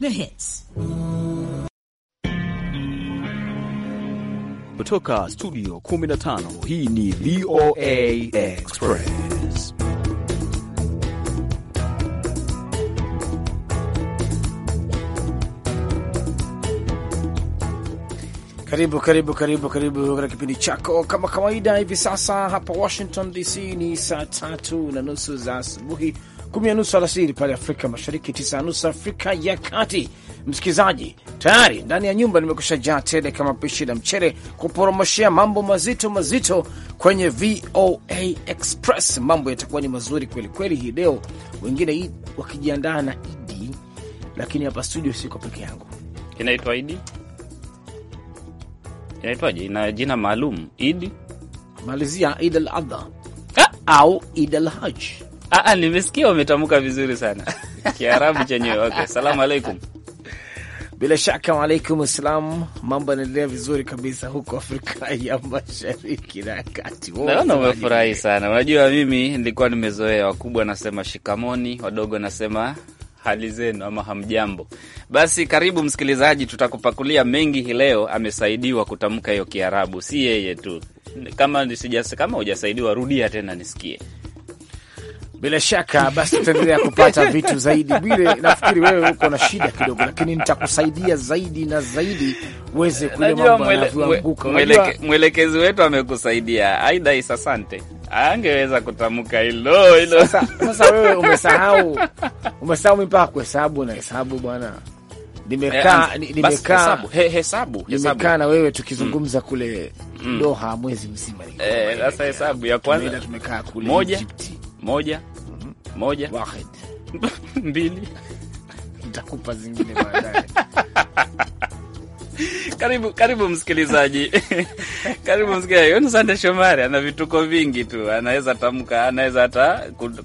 The hits. Kutoka studio 15 hii ni VOA Express. Karibu karibu karibu karibu katika kipindi chako kama kawaida hivi sasa hapa Washington DC ni saa tatu na nusu za asubuhi kumi na nusu alasiri pale Afrika Mashariki, tisa na nusu Afrika ya Kati. Msikilizaji, tayari ndani ya nyumba nimekusha jaa tele kama pishi la mchere kuporomoshea mambo mazito mazito kwenye VOA Express. Mambo yatakuwa ni mazuri kwelikweli hii leo, wengine wakijiandaa na Idi, lakini hapa studio siko peke yangu. Inaitwa Idi, inaitwaje? Ina jina maalum Idi, malizia Id al Adha au Id al Ah, ah, nimesikia umetamka vizuri sana Kiarabu chenyewe. Okay, salamu alaikum. Bila shaka waalaikum salam. Mambo yanaendelea vizuri kabisa huko Afrika ya Mashariki na Kati. Naona umefurahi sana. Unajua, mimi nilikuwa nimezoea wakubwa nasema shikamoni, wadogo nasema hali zenu ama hamjambo. Basi karibu msikilizaji, tutakupakulia mengi hii leo. Amesaidiwa kutamka hiyo Kiarabu, si yeye tu. Kama kama hujasaidiwa, rudia tena nisikie. Bila shaka basi tutaendelea kupata vitu zaidi. Bile, nafikiri wewe uko na shida kidogo, lakini nitakusaidia zaidi na zaidi uweze kule mambo yanavyoanguka. Mwelekezi wetu amekusaidia. Aida Isa, asante. Angeweza kutamka hilo hilo. Sasa, wewe umesahau, umesahau mipaka kuhesabu na hesabu bwana. Nimekaa eh, nimekaa hesabu nimekaa na wewe tukizungumza mm, kule mm, Doha mwezi mzima. Eh, sasa hesabu ya kwanza tumekaa kule moja, Egypt moja moja wahid mbili nitakupa zingine baadaye. Karibu, karibu msikilizaji, karibu msikilizaji. Huyu Sande Shomari ana vituko vingi tu, anaweza tamka, anaweza hata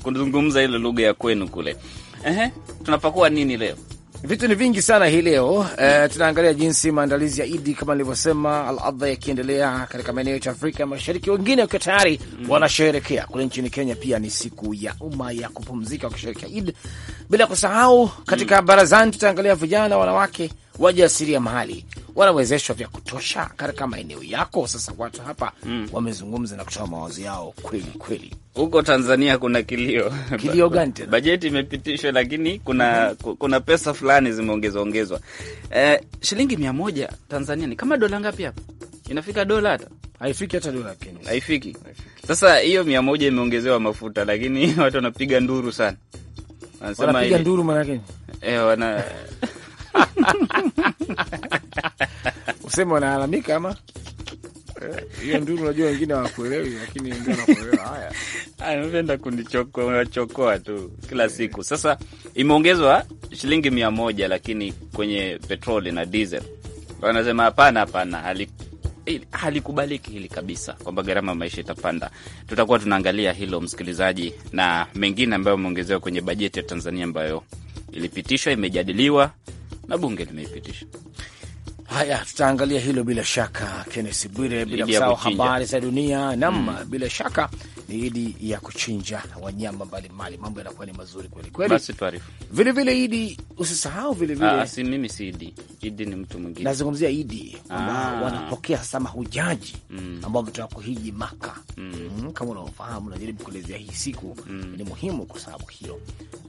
kuzungumza ile lugha ya kwenu kule. Ehe, tunapakua nini leo? Vitu ni vingi sana hii leo eh, tunaangalia jinsi maandalizi ya Idi kama nilivyosema, al adha yakiendelea katika maeneo yetu ya Afrika Mashariki, wengine wakiwa tayari mm, wanasherekea kule nchini Kenya. Pia ni siku ya umma ya kupumzika wakisherekea Idi, bila kusahau katika mm, barazani tutaangalia vijana wanawake wajasiria mali wanawezeshwa vya kutosha katika maeneo yako. Sasa watu hapa mm, wamezungumza na kutoa mawazo yao kweli kweli. Huko Tanzania kuna kilio, kilio gani tena? Bajeti imepitishwa lakini kuna, mm -hmm. kuna pesa fulani zimeongezwa ongezwa. Eh, shilingi mia moja Tanzania ni kama dola ngapi hapa? Inafika dola hata haifiki hata dola Kenya, haifiki. Sasa hiyo mia moja imeongezewa mafuta, lakini watu wanapiga nduru sana, wanapiga nduru maana eh wana useme wanalalamika ama eh, hiyo nduru, unajua wengine hawakuelewi, lakini wengine wanakuelewa. Haya, anapenda kunichokoa tu kila siku. Sasa imeongezwa shilingi mia moja, lakini kwenye petroli na diesel wanasema hapana, hapana, hali halikubaliki hili kabisa, kwamba gharama ya maisha itapanda. Tutakuwa tunaangalia hilo, msikilizaji, na mengine ambayo ameongezewa kwenye bajeti ya Tanzania ambayo ilipitishwa, imejadiliwa na bunge limeipitisha. Haya, tutaangalia hilo bila shaka, Kennes Bwire, bila kusahau habari za dunia nam mm. Bila shaka ni idi ya kuchinja wanyama mbalimbali, mambo yanakuwa ni mazuri kweli kweli. Vilevile idi usisahau vilevile, ah, si mimi, si idi, idi ni mtu mwingine, nazungumzia idi ah. wanapokea sasa mahujaji mm. ambao wametoka kuhiji Maka mm. mm. kama unaofahamu, najaribu kuelezea hii siku mm. ni muhimu kwa sababu hiyo,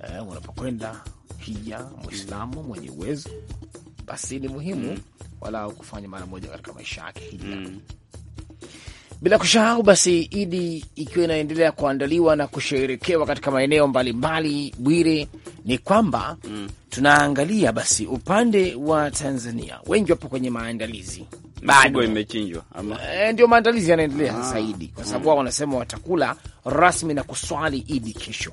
eh, wanapokwenda pia Mwislamu mwenye uwezo, basi ni muhimu mm. walau kufanya mara moja katika maisha yake hija mm. Bila kushahau basi Idi ikiwa inaendelea kuandaliwa na kusherekewa katika maeneo mbalimbali, Bwire, ni kwamba mm. tunaangalia basi upande wa Tanzania, wengi wapo kwenye maandalizi bado imechinjwa ama e, ndio maandalizi yanaendelea sasa ah. kwa sababu wao wanasema watakula rasmi na kuswali Idi kesho,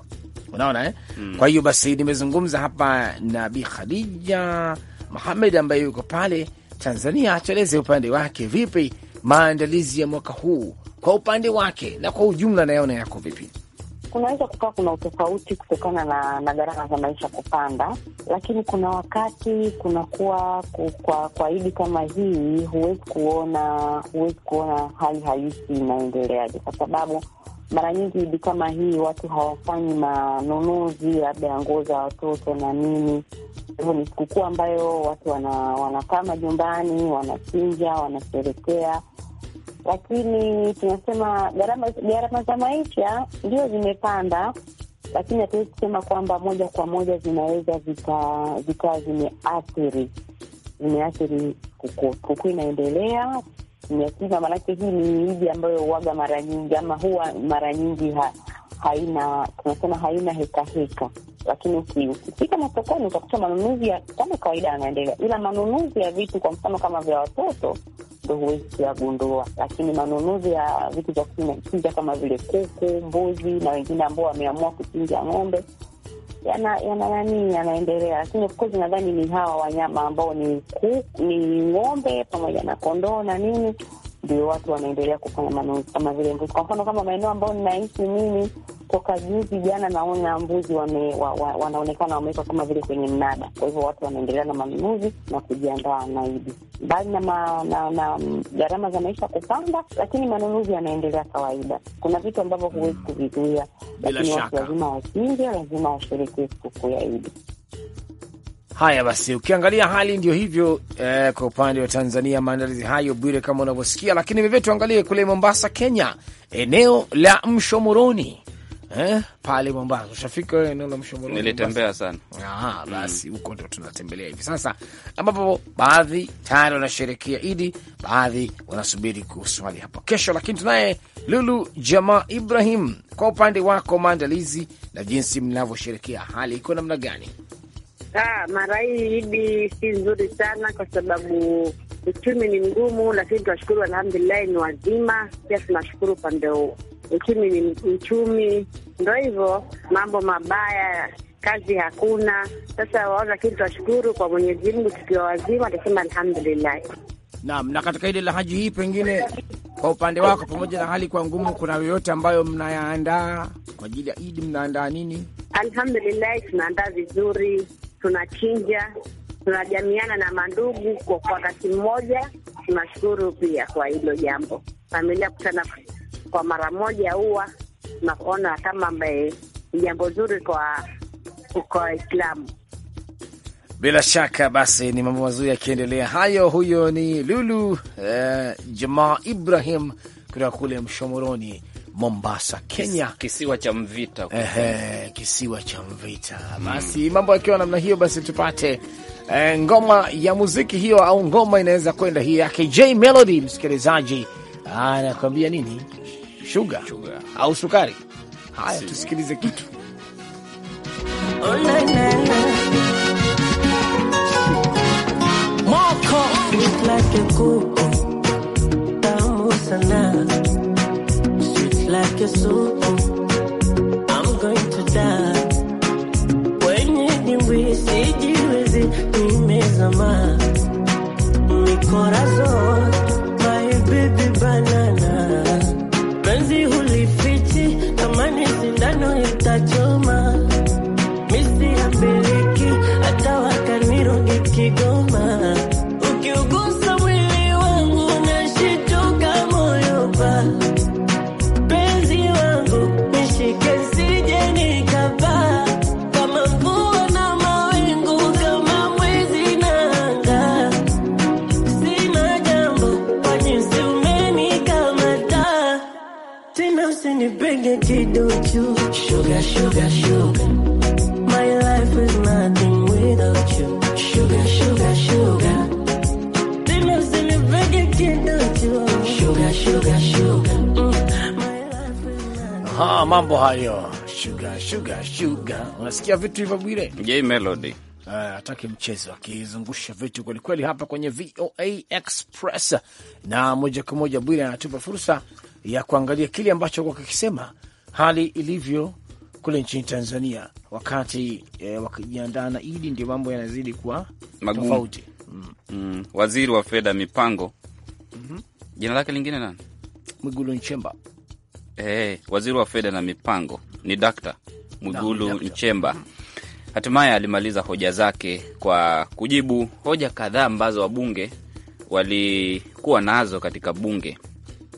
unaona eh? mm. Kwa hiyo basi nimezungumza hapa na Bi Khadija Muhamed ambaye yuko pale Tanzania, atueleze upande wake vipi maandalizi ya mwaka huu kwa upande wake na kwa ujumla, nayona yako vipi? kunaweza kukaa kuna utofauti kutokana na, na gharama za maisha kupanda, lakini kuna wakati kunakuwa kwa, kwa idi kama hii huwezi kuona huwezi kuona hali halisi inaendeleaje, kwa sababu mara nyingi idi kama hii watu hawafanyi manunuzi labda ya nguo za watoto na nini. Hivyo ni sikukuu ambayo watu wanakaa wana majumbani, wanachinja, wanasherekea lakini tunasema gharama gharama za maisha ndio zimepanda, lakini hatuwezi kusema kwamba moja kwa moja zinaweza zikawa zimeathiri zimeathiri kukuu inaendelea miasima, maanake hii ni miji ambayo uwaga mara nyingi ama huwa mara nyingi ha haina tunasema haina heka heka, lakini ukifika masokoni utakuta manunuzi kama kawaida yanaendelea, ila manunuzi ya vitu kwa mfano kama vya watoto ndo huwezi kuyagundua, lakini manunuzi ya vitu vya kuchinja kama vile kuku, mbuzi na wengine ambao wameamua kuchinja ng'ombe yana yana nani yanaendelea, lakini of course nadhani ni hawa wanyama ambao ni ni ng'ombe pamoja na kondoo na nini ndio watu wanaendelea kufanya manunuzi kama vile mbuzi. Kwa mfano kama maeneo ambayo ninaishi mimi, toka juzi jana naona mbuzi wame, wa, wa, wanaonekana wamewekwa kama vile kwenye mnada. Kwa hivyo watu wanaendelea na manunuzi na kujiandaa na Idi. Mbali na, gharama za maisha kupanda, lakini manunuzi yanaendelea kawaida. Kuna vitu ambavyo huwezi mm. kuvizuia, lakini watu lazima wachinje, lazima washerekee sikukuu ya Idi. Haya basi, ukiangalia hali ndio hivyo eh, kwa upande wa Tanzania maandalizi hayo bwire kama unavyosikia, lakini vivyo tuangalie kule Mombasa, Kenya, eneo la Mshomoroni eh, pale Mombasa. Ushafika eneo la Mshomoroni? Nilitembea sana. Aha, basi huko mm, ndo tunatembelea hivi sasa, ambapo baadhi tayari wanasherekea Idi, baadhi wanasubiri kuswali hapo kesho. Lakini tunaye Lulu Jamaa Ibrahim, kwa upande wako maandalizi na jinsi mnavyosherekea, hali iko namna gani? Ah, mara hii idi si nzuri sana kwa sababu uchumi ni mgumu, lakini tunashukuru alhamdulilahi, ni wazima. Pia tunashukuru upande huo, uchumi ni uchumi, ndo hivyo mambo mabaya, kazi hakuna. Sasa waona, lakini tunashukuru kwa Mwenyezi Mungu, tukiwa wazima tasema alhamdulilahi. Naam, na katika ile haji hii, pengine kwa upande wako, pamoja na hali kwa ngumu, kuna yoyote ambayo mnayaandaa kwa ajili ya Idi? Mnaandaa nini? Alhamdulilahi, tunaandaa vizuri tunachinja, tunajamiana na mandugu kwa wakati mmoja. Tunashukuru pia kwa hilo jambo, familia kutana kwa mara moja, huwa tunaona kama ni jambo zuri kwa kwa Waislamu. Bila shaka basi ni mambo mazuri yakiendelea hayo. Huyo ni Lulu eh, Jamaa Ibrahim kutoka kule Mshomoroni Mombasa, Kenya, kisiwa cha Mvita. Ehe, kisiwa cha Mvita. Mm. Basi mm, mambo yakiwa namna hiyo, basi tupate e, ngoma ya muziki hiyo, au ngoma inaweza kwenda hii yake J Melody. Msikilizaji anakwambia nini? Shuga au sukari? Haya, tusikilize kitu Moko like a soaking. to dance kwenye dimbwi, sijiwezi nimezama mikorazo my penzi hulifichi kama ni sindano itacho Ha, mm, ah, mambo hayo shuga shuga shuga, unasikia vitu hivyo Bwire j melody ah, hataki uh, mchezo akizungusha vitu kwelikweli hapa kwenye VOA Express na moja kwa moja. Bwire anatupa fursa ya kuangalia kile ambacho kwa kikisema hali ilivyo kule nchini Tanzania wakati e, wakijiandaa na Idi, ndio mambo yanazidi kuwa tofauti mm. Mm. Waziri wa fedha mipango mm -hmm. jina lake lingine nani? Mwigulu Nchemba. Hey, eh, waziri wa fedha na mipango ni Dakta Mwigulu Dami, Nchemba mm. Hatimaye alimaliza hoja zake kwa kujibu hoja kadhaa ambazo wabunge walikuwa nazo katika bunge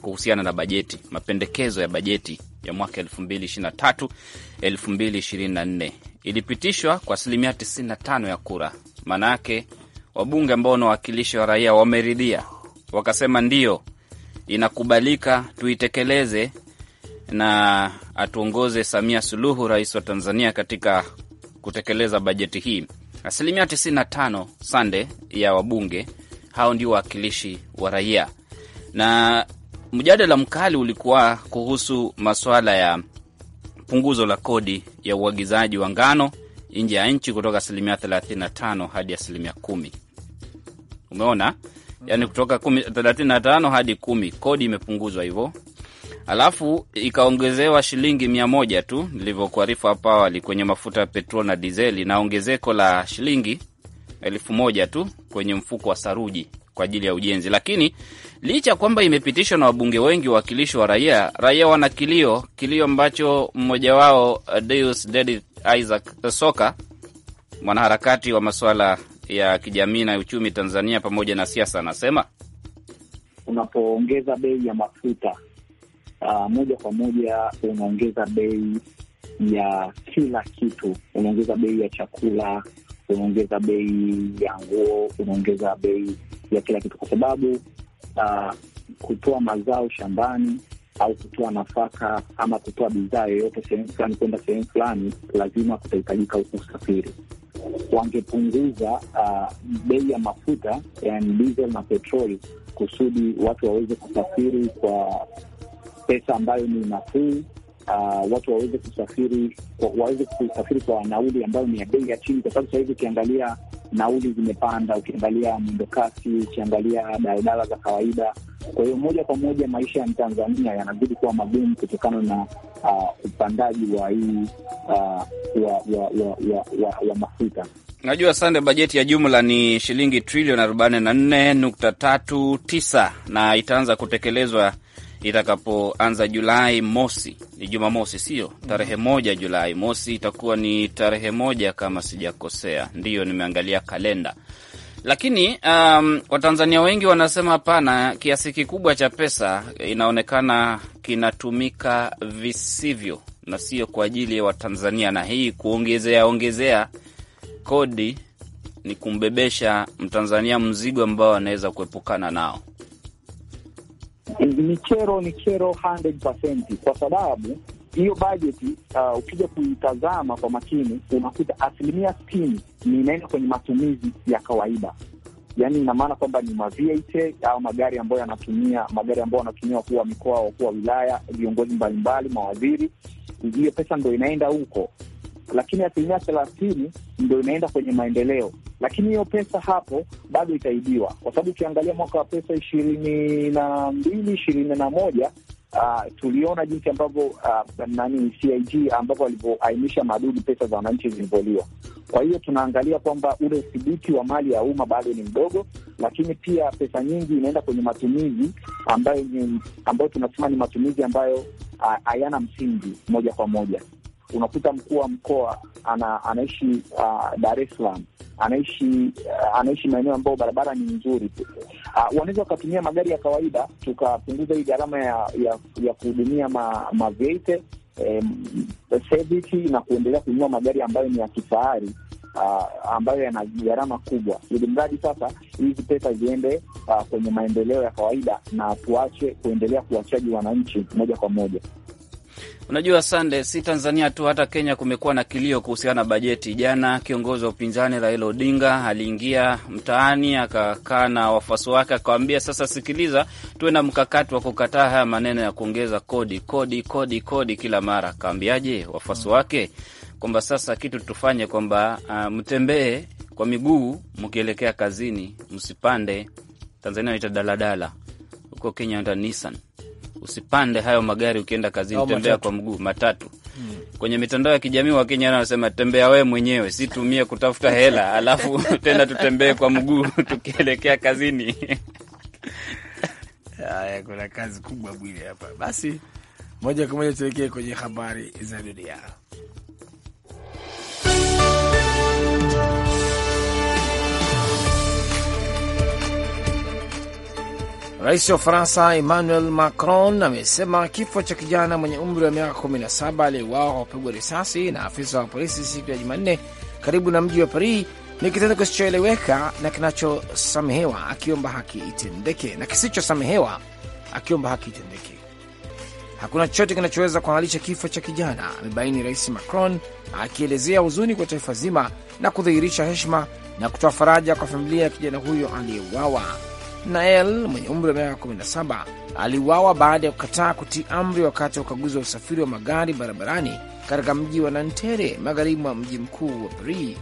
kuhusiana na bajeti, mapendekezo ya bajeti ya mwaka 2023 2024 ilipitishwa kwa asilimia 95 ya kura. Maana yake wabunge ambao wanawakilisha wa raia wameridhia, wakasema ndio inakubalika, tuitekeleze na atuongoze Samia Suluhu, rais wa Tanzania, katika kutekeleza bajeti hii. Asilimia 95 sande ya wabunge hao ndio wawakilishi wa raia, na mjadala mkali ulikuwa kuhusu masuala ya punguzo la kodi ya uagizaji wa ngano nje ya nchi kutoka asilimia 35 hadi asilimia kumi. Umeona, yani kutoka 35 hadi kumi, kodi imepunguzwa hivyo, alafu ikaongezewa shilingi mia moja tu nilivyokuarifu hapo awali kwenye mafuta ya petrol na dizeli, na ongezeko la shilingi elfu moja tu kwenye mfuko wa saruji kwa ajili ya ujenzi. Lakini licha ya kwamba imepitishwa na wabunge wengi, wawakilishi wa raia, raia wana kilio, kilio ambacho mmoja wao uh, Deus Dedi Isaac Soka, mwanaharakati wa masuala ya kijamii na uchumi Tanzania pamoja na siasa, anasema unapoongeza bei ya mafuta uh, moja kwa moja unaongeza bei ya kila kitu, unaongeza bei ya chakula, unaongeza bei ya nguo, unaongeza bei ya kila kitu, kwa sababu uh, kutoa mazao shambani au kutoa nafaka ama kutoa bidhaa yoyote sehemu fulani kwenda sehemu fulani, lazima kutahitajika usafiri. Wangepunguza uh, bei ya mafuta yani eh, diesel na petroli, kusudi watu waweze kusafiri kwa pesa ambayo ni nafuu. Uh, watu waweze kusafiri waweze kusafiri kwa nauli ambayo ni ya bei ya chini, kwa sababu sahizi ukiangalia nauli zimepanda, ukiangalia mwendo kasi, ukiangalia daladala za kawaida. Kwa hiyo moja kwa moja maisha ya Mtanzania yanazidi kuwa magumu kutokana na uh, upandaji wa hii uh, wa, wa, wa, wa, wa, wa mafuta. Najua sande, bajeti ya jumla ni shilingi trilioni arobaini na nne nukta tatu tisa na itaanza kutekelezwa itakapoanza Julai mosi, ni Jumamosi sio tarehe mm. moja Julai mosi itakuwa ni tarehe moja kama sijakosea, ndiyo nimeangalia kalenda. Lakini um, Watanzania wengi wanasema hapana, kiasi kikubwa cha pesa inaonekana kinatumika visivyo na sio kwa ajili ya Watanzania, na hii kuongezea ongezea kodi ni kumbebesha Mtanzania mzigo ambao anaweza kuepukana nao. Ni kero, ni kero 100% kwa sababu hiyo bajeti uh, ukija kuitazama kwa makini unakuta asilimia sitini ni inaenda kwenye matumizi ya kawaida, yaani ina maana kwamba ni mavt au magari ambayo yanatumia magari ambayo wanatumia wakuu wa mikoa, wakuu wa wilaya, viongozi mbalimbali, mawaziri. Hiyo pesa ndo inaenda huko, lakini asilimia thelathini ndo inaenda kwenye maendeleo. Lakini hiyo pesa hapo bado itaibiwa, kwa sababu ukiangalia mwaka wa pesa ishirini na mbili ishirini na moja Uh, tuliona jinsi ambavyo uh, nani CIG ambavyo walivyoainisha madudu pesa za wananchi zilivyoliwa. Kwa hiyo tunaangalia kwamba ule udhibiti wa mali ya umma bado ni mdogo, lakini pia pesa nyingi inaenda kwenye matumizi ambayo, ambayo tunasema ni matumizi ambayo ah, hayana uh, msingi moja kwa moja unakuta mkuu wa mkoa ana, anaishi uh, Dar es Salaam anaishi uh, anaishi maeneo ambayo barabara ni nzuri uh, wanaweza wakatumia magari ya kawaida, tukapunguza hii gharama ya ya, ya kuhudumia ma, maveite eh, na kuendelea kununua magari ambayo ni ya kifahari. Uh, ambayo yana gharama kubwa, ili mradi sasa hizi pesa ziende uh, kwenye maendeleo ya kawaida na tuache kuendelea kuwachaji wananchi moja kwa moja. Unajua Sande, si Tanzania tu, hata Kenya kumekuwa na kilio kuhusiana na bajeti. Jana kiongozi wa upinzani Raila Odinga aliingia mtaani akakaa na wafuasi wake akawambia sasa sikiliza, tuwe na mkakati wa kukataa haya maneno ya kuongeza kodi kodi kodi kodi kila mara. Akawambiaje wafuasi wake kwamba sasa kitu tufanye kwamba uh, mtembee kwa miguu mkielekea kazini, msipande Tanzania naita daladala, huko Kenya naita Nissan usipande hayo magari ukienda kazini, tembea kwa mguu, matatu. Hmm. Kwenye mitandao ya kijamii wakenya wanasema tembea wewe mwenyewe, situmie kutafuta hela alafu tena tutembee kwa mguu tukielekea kazini. Haya, kuna kazi kubwa bwili hapa. Basi moja kwa moja tuelekee kwenye habari za dunia. Rais wa faransa Emmanuel Macron amesema kifo cha kijana mwenye umri wa miaka 17 aliyeuawa kwa kupigwa risasi na afisa wa polisi siku ya Jumanne karibu na mji wa Paris ni kitendo kisichoeleweka na kinachosamehewa, akiomba haki itendeke na kisichosamehewa, akiomba haki itendeke. Hakuna chochote kinachoweza kuhalalisha kifo cha kijana, amebaini Rais Macron akielezea huzuni kwa taifa zima na kudhihirisha heshima na kutoa faraja kwa familia ya kijana huyo aliyeuawa. Nael mwenye umri wa miaka 17 aliuawa baada ya kukataa kutii amri wakati wa ukaguzi wa usafiri wa magari barabarani katika mji wa Nantere, magharibi mwa mji mkuu wa Paris.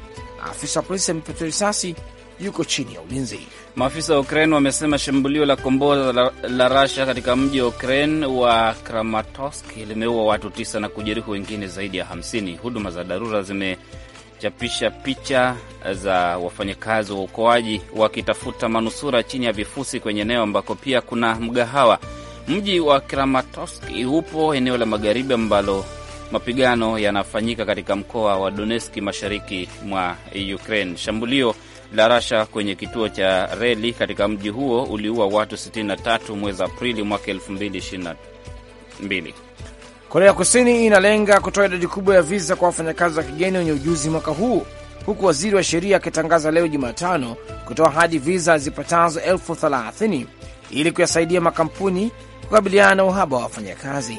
Afisa wa polisi amepatiwa risasi yuko chini ya ulinzi. Maafisa wa Ukraine wamesema shambulio la kombora la, la Rasha katika mji wa Ukraine wa Kramatorsk limeua watu tisa na kujeruhi wengine zaidi ya 50. Huduma za dharura zime chapisha picha za wafanyakazi wa uokoaji wakitafuta manusura chini ya vifusi kwenye eneo ambako pia kuna mgahawa. Mji wa Kramatorsk upo eneo la magharibi ambalo mapigano yanafanyika katika mkoa wa Donetsk, mashariki mwa Ukraine. Shambulio la Rasha kwenye kituo cha reli katika mji huo uliua watu 63 mwezi Aprili mwaka 2022. Korea Kusini inalenga kutoa idadi kubwa ya viza kwa wafanyakazi wa kigeni wenye ujuzi mwaka huu, huku waziri wa sheria akitangaza leo Jumatano kutoa hadi viza zipatazo elfu thelathini ili kuyasaidia makampuni kukabiliana na uhaba wa wafanyakazi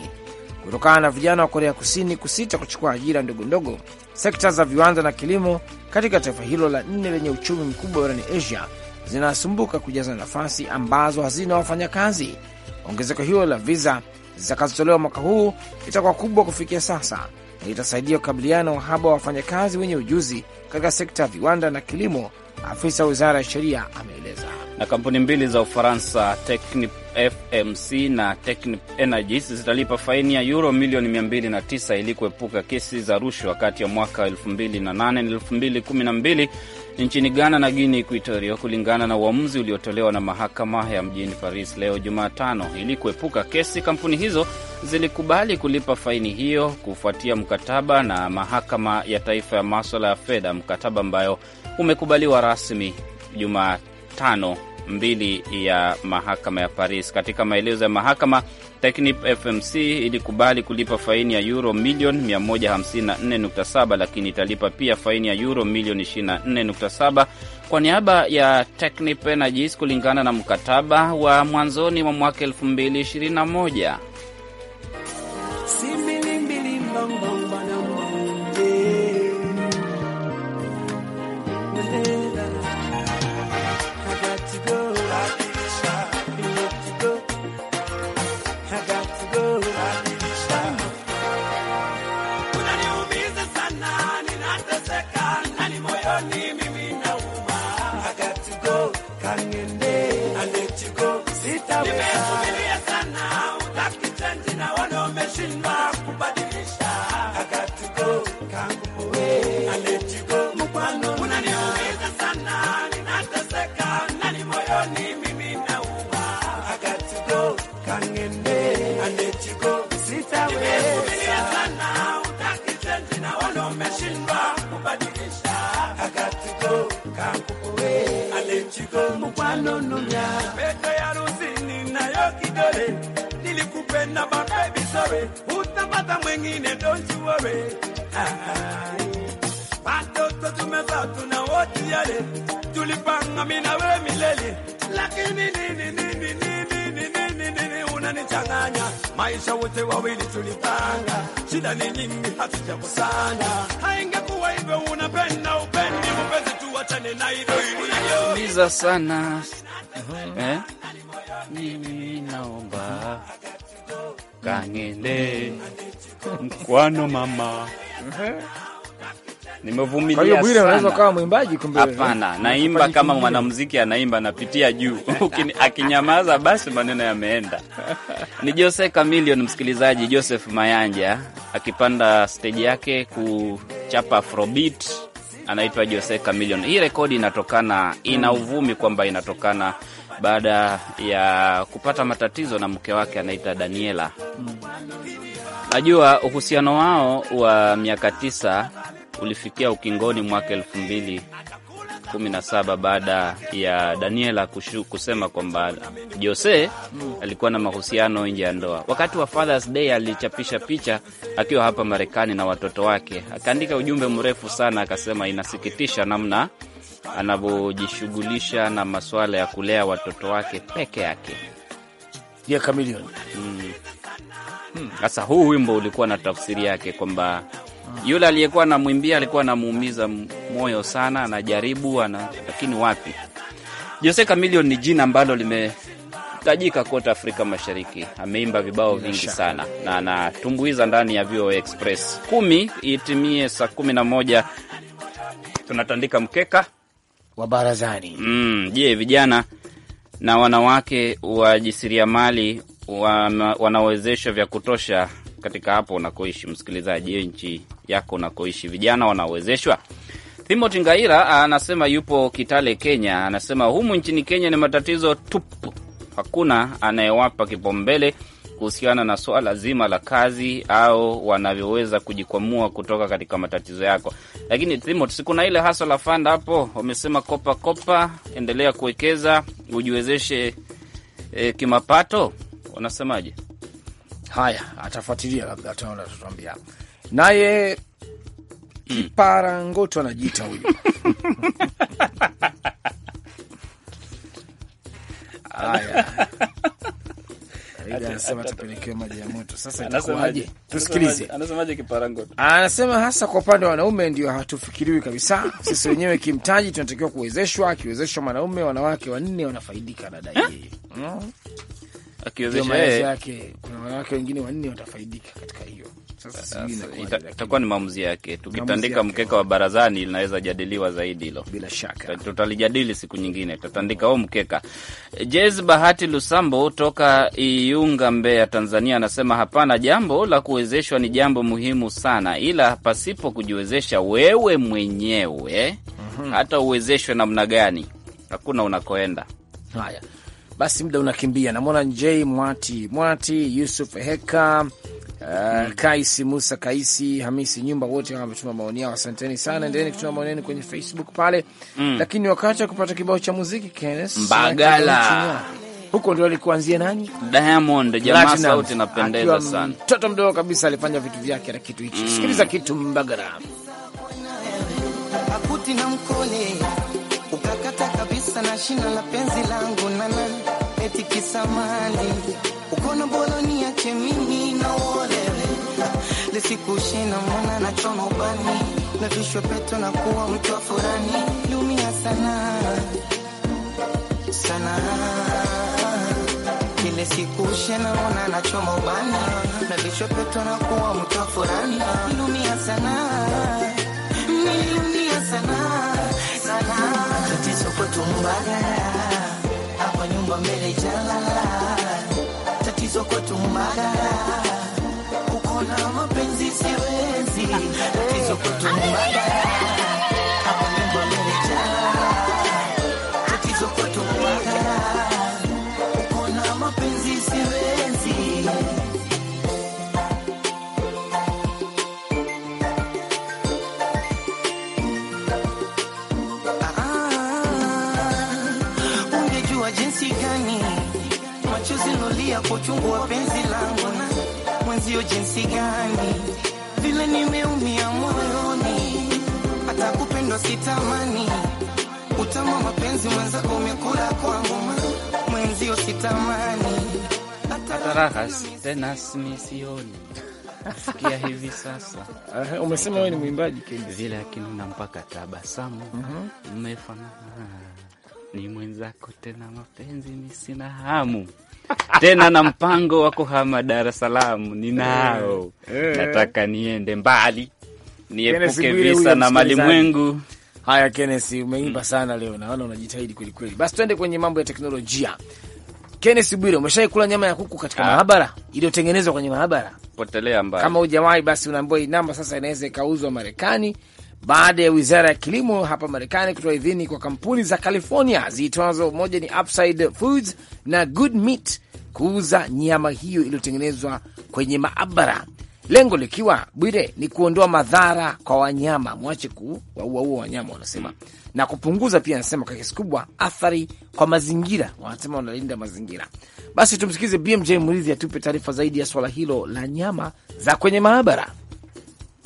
kutokana na vijana wa Korea Kusini kusita kuchukua ajira ndogo ndogo. Sekta za viwanda na kilimo katika taifa hilo la nne lenye uchumi mkubwa barani Asia zinasumbuka kujaza nafasi ambazo hazina wafanyakazi. Ongezeko hilo la viza zitakazotolewa mwaka huu itakuwa kubwa kufikia sasa na itasaidia kukabiliana na uhaba wa wafanyakazi wenye ujuzi katika sekta ya viwanda na kilimo, afisa wa wizara ya sheria ameeleza. Na kampuni mbili za Ufaransa Technip FMC na Technip Energies zitalipa faini ya euro milioni 209 ili kuepuka kesi za rushwa kati ya mwaka 2008 na 2012 nchini Ghana na Guinea Equatoria, kulingana na uamuzi uliotolewa na mahakama ya mjini Paris leo Jumatano. Ili kuepuka kesi, kampuni hizo zilikubali kulipa faini hiyo kufuatia mkataba na mahakama ya taifa ya maswala ya fedha, mkataba ambayo umekubaliwa rasmi Jumatano mbili ya mahakama ya Paris. Katika maelezo ya mahakama TECNIP FMC ilikubali kulipa faini ya euro milioni 154.7 lakini italipa pia faini ya euro milioni 24.7 kwa niaba ya technip Energies kulingana na mkataba wa mwanzoni mwa mwaka 2021. vidole, nilikupenda my baby, sorry, utapata mwingine don't you worry. Watoto tumezaa tuna wote yale tulipanga, mimi na wewe milele, lakini nini nini nini nini nini nini unanichanganya maisha, wote wawili tulipanga, shida ni nyingi, hatujakusanya. Haingekuwa hivyo, unapenda upendi, mpenzi tu, achane na hilo hilo. Unaniumiza sana eh? mimi naomba kangende mkwano mama. Nimevumilia sana. Bwire, anaweza kuwa mwimbaji kumbe? Hapana, naimba kama mwanamuziki anaimba, napitia juu akinyamaza, basi maneno yameenda. Ni Jose Chameleone, msikilizaji Joseph Mayanja akipanda stage yake kuchapa afrobeat, anaitwa Jose Chameleone. Hii rekodi inatokana, ina mm. uvumi kwamba inatokana baada ya kupata matatizo na mke wake anaita Daniela. Najua uhusiano wao wa miaka tisa ulifikia ukingoni mwaka elfu mbili kumi na saba baada ya Daniela kushu, kusema kwamba Jose mm, alikuwa na mahusiano nje ya ndoa. Wakati wa Father's Day alichapisha picha akiwa hapa Marekani na watoto wake, akaandika ujumbe mrefu sana, akasema inasikitisha namna anavyojishughulisha na masuala ya kulea watoto wake peke yake ya Kamilioni. Mm. Hmm. Sasa hmm, huu wimbo ulikuwa na tafsiri yake kwamba yule aliyekuwa anamwimbia alikuwa anamuumiza moyo sana, anajaribu ana, lakini wapi. Jose Kamilion ni jina ambalo limetajika kote Afrika Mashariki. Ameimba vibao vingi sana na anatumbuiza ndani ya VOA Express. Kumi itimie saa kumi na moja tunatandika mkeka wa barazani. Mm, je, vijana na wanawake wajasiriamali mali wanawezeshwa vya kutosha katika hapo unakoishi? Msikilizaji, nchi yako unakoishi, vijana wanawezeshwa? Timothy Ngaira anasema yupo Kitale, Kenya. Anasema humu nchini Kenya ni matatizo tupu, hakuna anayewapa kipaumbele kuhusiana na swala zima la kazi au wanavyoweza kujikwamua kutoka katika matatizo yako. Lakini Timothy, kuna ile haswa la fanda hapo wamesema kopa kopa, endelea kuwekeza ujiwezeshe e, kimapato. unasemaje? Haya, atafuatilia labda, ataona tutambia naye hmm. Kipara Ngoto anajiita huyo. Haya anasema tupelekewe maji ya moto. Sasa itakuwaje? Tusikilize anasemaje kiparango. Anasema hasa kwa upande wa wanaume ndio hatufikiriwi kabisa. Sisi wenyewe kimtaji tunatakiwa kuwezeshwa, akiwezeshwa mwanaume, wanawake wanne wanafaidika na dai eh? hmm? Akiwezeshwa yake kuna wanawake wengine wanne watafaidika katika hiyo itakuwa ni maamuzi yake. Tukitandika mkeka wa barazani, linaweza jadiliwa zaidi hilo, bila shaka tutalijadili siku nyingine, tutatandika huo mkeka. Jez Bahati Lusambo toka Iunga, Mbeya, Tanzania, anasema hapana, jambo la kuwezeshwa ni jambo muhimu sana, ila pasipo kujiwezesha wewe mwenyewe, mm -hmm. hata uwezeshwe namna gani, hakuna unakoenda. Haya, basi muda unakimbia, namwona J Mwati Mwati, Yusuf Heka, uh, Kaisi Musa Kaisi, Hamisi Nyumba, wote wametuma maoni yao. Asanteni sana, endeleni kutuma maoni yenu kwenye Facebook pale mm. Lakini wakati wa kupata kibao cha muziki Kenes Mbagala huko ndio alikuanzia nani? Diamond, jamaa sauti napendeza sana. Mtoto mdogo kabisa alifanya vitu vyake na kitu hichi mm. Sikiliza kitu Mbagala na shina la penzi langu nana eti kisamani ukona bolo ni ache mimi na wolele lisikushina mwana na choma ubani na vishwa peto na kuwa mtu wa furani lumia sana sana ile siku shena mwana na choma ubani na vishwa peto na kuwa mtu wa furani lumia sana lumia sana sana hapo tumbagara, hapo nyumba mbele jalala, tatizo kwa tumbagara, uko na mapenzi siwezi, tatizo kwa tumbagara wakati gani machozi nolia kwa uchungu wa penzi langu na mwenzio, jinsi gani vile nimeumia moyoni, hata kupendwa sitamani. utama mapenzi mwenzako umekula kwangu, mwenzio sitamani Ataragas tena simisioni sikia hivi sasa. Umesema wewe ni mwimbaji vile, lakini na mpaka tabasamu mmefanana mhm ni mwenzako tena, mapenzi mi sina hamu tena na mpango wa kuhama Dar es Salaam ninao, eh, eh. nataka niende mbali, niepuke visa na malimwengu haya. Kenesi, umeimba sana leo, naona unajitahidi kwelikweli. Basi tuende kwenye mambo ya teknolojia. Kenesi Bwire, umeshawai kula nyama ya kuku katika ah, maabara iliyotengenezwa kwenye maabara? Potelea mbali. Kama hujawahi basi unaambiwa hii namba sasa inaweza ikauzwa Marekani baada ya wizara ya kilimo hapa Marekani kutoa idhini kwa kampuni za California ziitwazo moja ni Upside Foods na Good Meat kuuza nyama hiyo iliyotengenezwa kwenye maabara, lengo likiwa Bwire ni kuondoa madhara kwa wanyama, mwache kuwauaua wanyama wanasema, na kupunguza pia, anasema kwa kiasi kubwa athari kwa mazingira, wanasema wanalinda mazingira. Basi tumsikize BMJ Mridhi atupe taarifa zaidi ya swala hilo la nyama za kwenye maabara.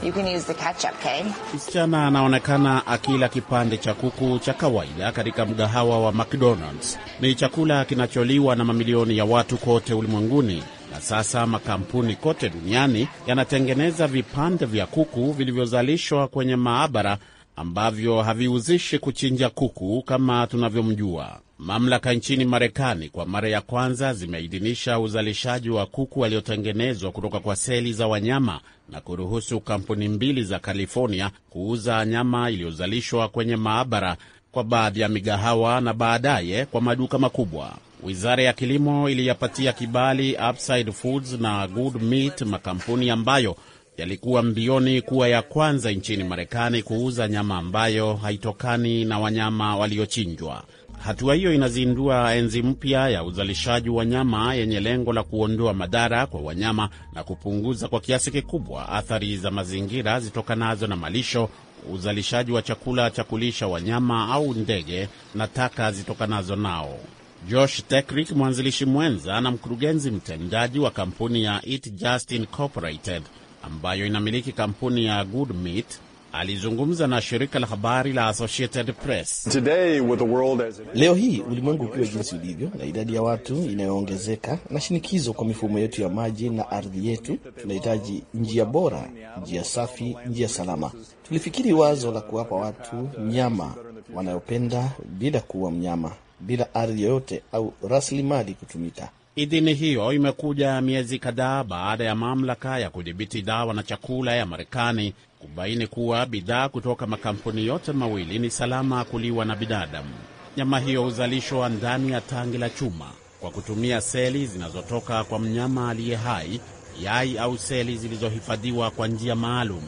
You can use the ketchup, okay? Msichana anaonekana akila kipande cha kuku cha kawaida katika mgahawa wa McDonald's. Ni chakula kinacholiwa na mamilioni ya watu kote ulimwenguni. Na sasa makampuni kote duniani yanatengeneza vipande vya kuku vilivyozalishwa kwenye maabara ambavyo haviuzishi kuchinja kuku kama tunavyomjua. Mamlaka nchini Marekani kwa mara ya kwanza zimeidhinisha uzalishaji wa kuku waliotengenezwa kutoka kwa seli za wanyama na kuruhusu kampuni mbili za California kuuza nyama iliyozalishwa kwenye maabara kwa baadhi ya migahawa na baadaye kwa maduka makubwa. Wizara ya Kilimo iliyapatia kibali Upside Foods na Good Meat, makampuni ambayo yalikuwa mbioni kuwa ya kwanza nchini Marekani kuuza nyama ambayo haitokani na wanyama waliochinjwa. Hatua hiyo inazindua enzi mpya ya uzalishaji wa nyama yenye lengo la kuondoa madhara kwa wanyama na kupunguza kwa kiasi kikubwa athari za mazingira zitokanazo na malisho, uzalishaji wa chakula cha kulisha wanyama au ndege na taka zitokanazo nao. Josh Tekrick, mwanzilishi mwenza na mkurugenzi mtendaji wa kampuni ya Eat Just Incorporated ambayo inamiliki kampuni ya Good Meat Alizungumza na shirika la habari la Associated Press. Today, with the world as it leo hii ulimwengu ukiwa jinsi ulivyo na idadi ya watu inayoongezeka na shinikizo kwa mifumo yetu ya maji na ardhi yetu, tunahitaji njia bora, njia safi, njia salama. Tulifikiri wazo la kuwapa watu nyama wanayopenda bila kuwa mnyama, bila ardhi yoyote au rasilimali kutumika Idhini hiyo imekuja miezi kadhaa baada ya mamlaka ya kudhibiti dawa na chakula ya Marekani kubaini kuwa bidhaa kutoka makampuni yote mawili ni salama kuliwa na binadamu. Nyama hiyo huzalishwa ndani ya tangi la chuma kwa kutumia seli zinazotoka kwa mnyama aliye hai, yai au seli zilizohifadhiwa kwa njia maalum.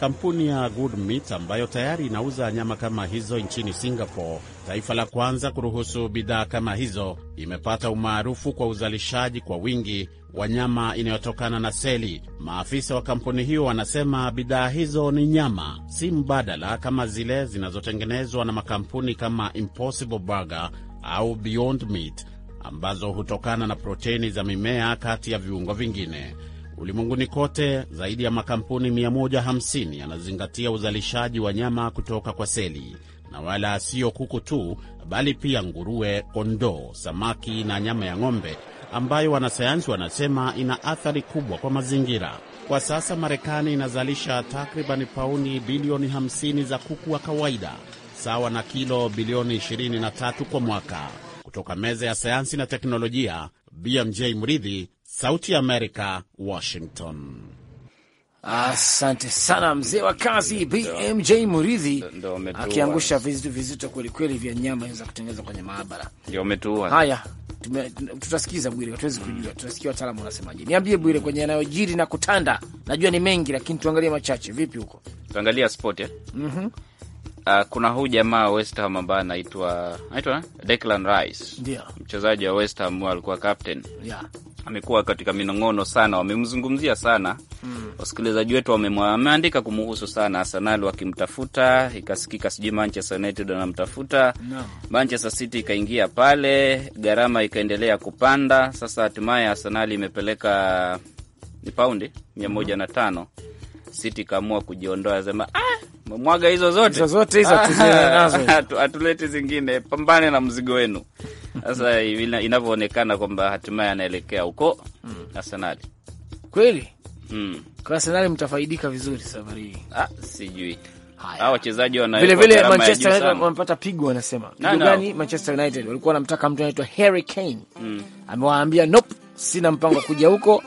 Kampuni ya Good Meat ambayo tayari inauza nyama kama hizo nchini Singapore taifa la kwanza kuruhusu bidhaa kama hizo, imepata umaarufu kwa uzalishaji kwa wingi wa nyama inayotokana na seli. Maafisa wa kampuni hiyo wanasema bidhaa hizo ni nyama, si mbadala kama zile zinazotengenezwa na makampuni kama Impossible Burger au Beyond Meat ambazo hutokana na proteini za mimea kati ya viungo vingine. Ulimwenguni kote zaidi ya makampuni 150 yanazingatia uzalishaji wa nyama kutoka kwa seli na wala sio kuku tu, bali pia nguruwe, kondoo, samaki na nyama ya ng'ombe, ambayo wanasayansi wanasema ina athari kubwa kwa mazingira. Kwa sasa Marekani inazalisha takribani pauni bilioni 50 za kuku wa kawaida, sawa na kilo bilioni 23 kwa mwaka. Kutoka meza ya sayansi na teknolojia, BMJ Mridhi, Sauti ya Amerika, Washington. Asante sana mzee wa kazi BMJ Muridhi akiangusha vizitu vizito kwelikweli vya nyama za kutengeneza kwenye maabara. Haya, tutasikiza Bwire, hatuwezi kujua, tutasikia wataalamu wanasemaje. Niambie Bwire, kwenye yanayojiri na kutanda, najua ni mengi, lakini tuangalie machache. Vipi huko, tuangalia sport eh? mm -hmm. Uh, kuna huu jamaa wa West Ham ambaye anaitwa anaitwa eh? Declan Rice, ndio mchezaji wa West Ham alikuwa captain yeah amekuwa katika minong'ono sana, wamemzungumzia sana mm. Wasikilizaji wetu wameandika kumuhusu sana, Arsenal wakimtafuta, ikasikika sijui Manchester United anamtafuta no. Manchester City ikaingia pale, gharama ikaendelea kupanda. Sasa hatimaye Arsenal imepeleka ni paundi mia hmm. moja na tano City ikaamua kujiondoa, sema ah, mwaga hizo zote hizo zote hizo, zingine, pambane na mzigo wenu sasa inavyoonekana kwamba hatimaye anaelekea huko hmm. Arsenali kweli. Mm. Kwa Arsenali mtafaidika vizuri safari hii. Ah, sijui hao wachezaji wana vile vile Manchester United wamepata pigo, wanasema pigo gani? Manchester United walikuwa wanamtaka mtu anaitwa Harry Kane, hmm. amewaambia nope, sina mpango kuja huko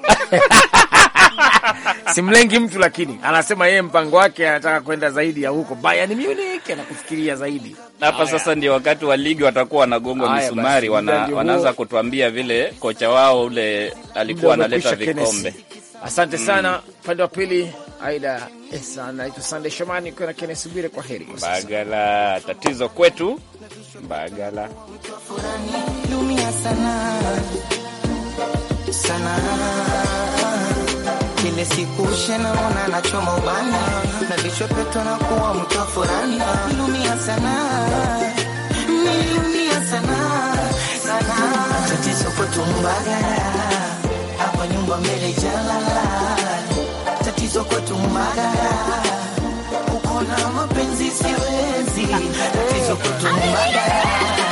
simlengi mtu, lakini anasema yeye mpango wake anataka kwenda zaidi ya huko Bayern Munich, anakufikiria zaidi hapa. Sasa ndio wakati wa ligi watakuwa wanagonga misumari, wanaanza kutuambia vile kocha wao ule alikuwa analeta vikombe. Asante mm. sana upande mm. wa pili Aida Esa, naitwa Sande Shomani ukiwa na Kenesi Bwire. Kwa heri Mbagala, tatizo kwetu Mbagala sana. Kile siku shanaona nachoma ubana na peto na kuwa mtu fulani. Nilumia sana, nilumia sana sana, tatizo kwetu tumbaga hapa nyumba mbele jala tatizo kwetu tumbaga uko na mapenzi siwezi, tatizo kwetu tumbaga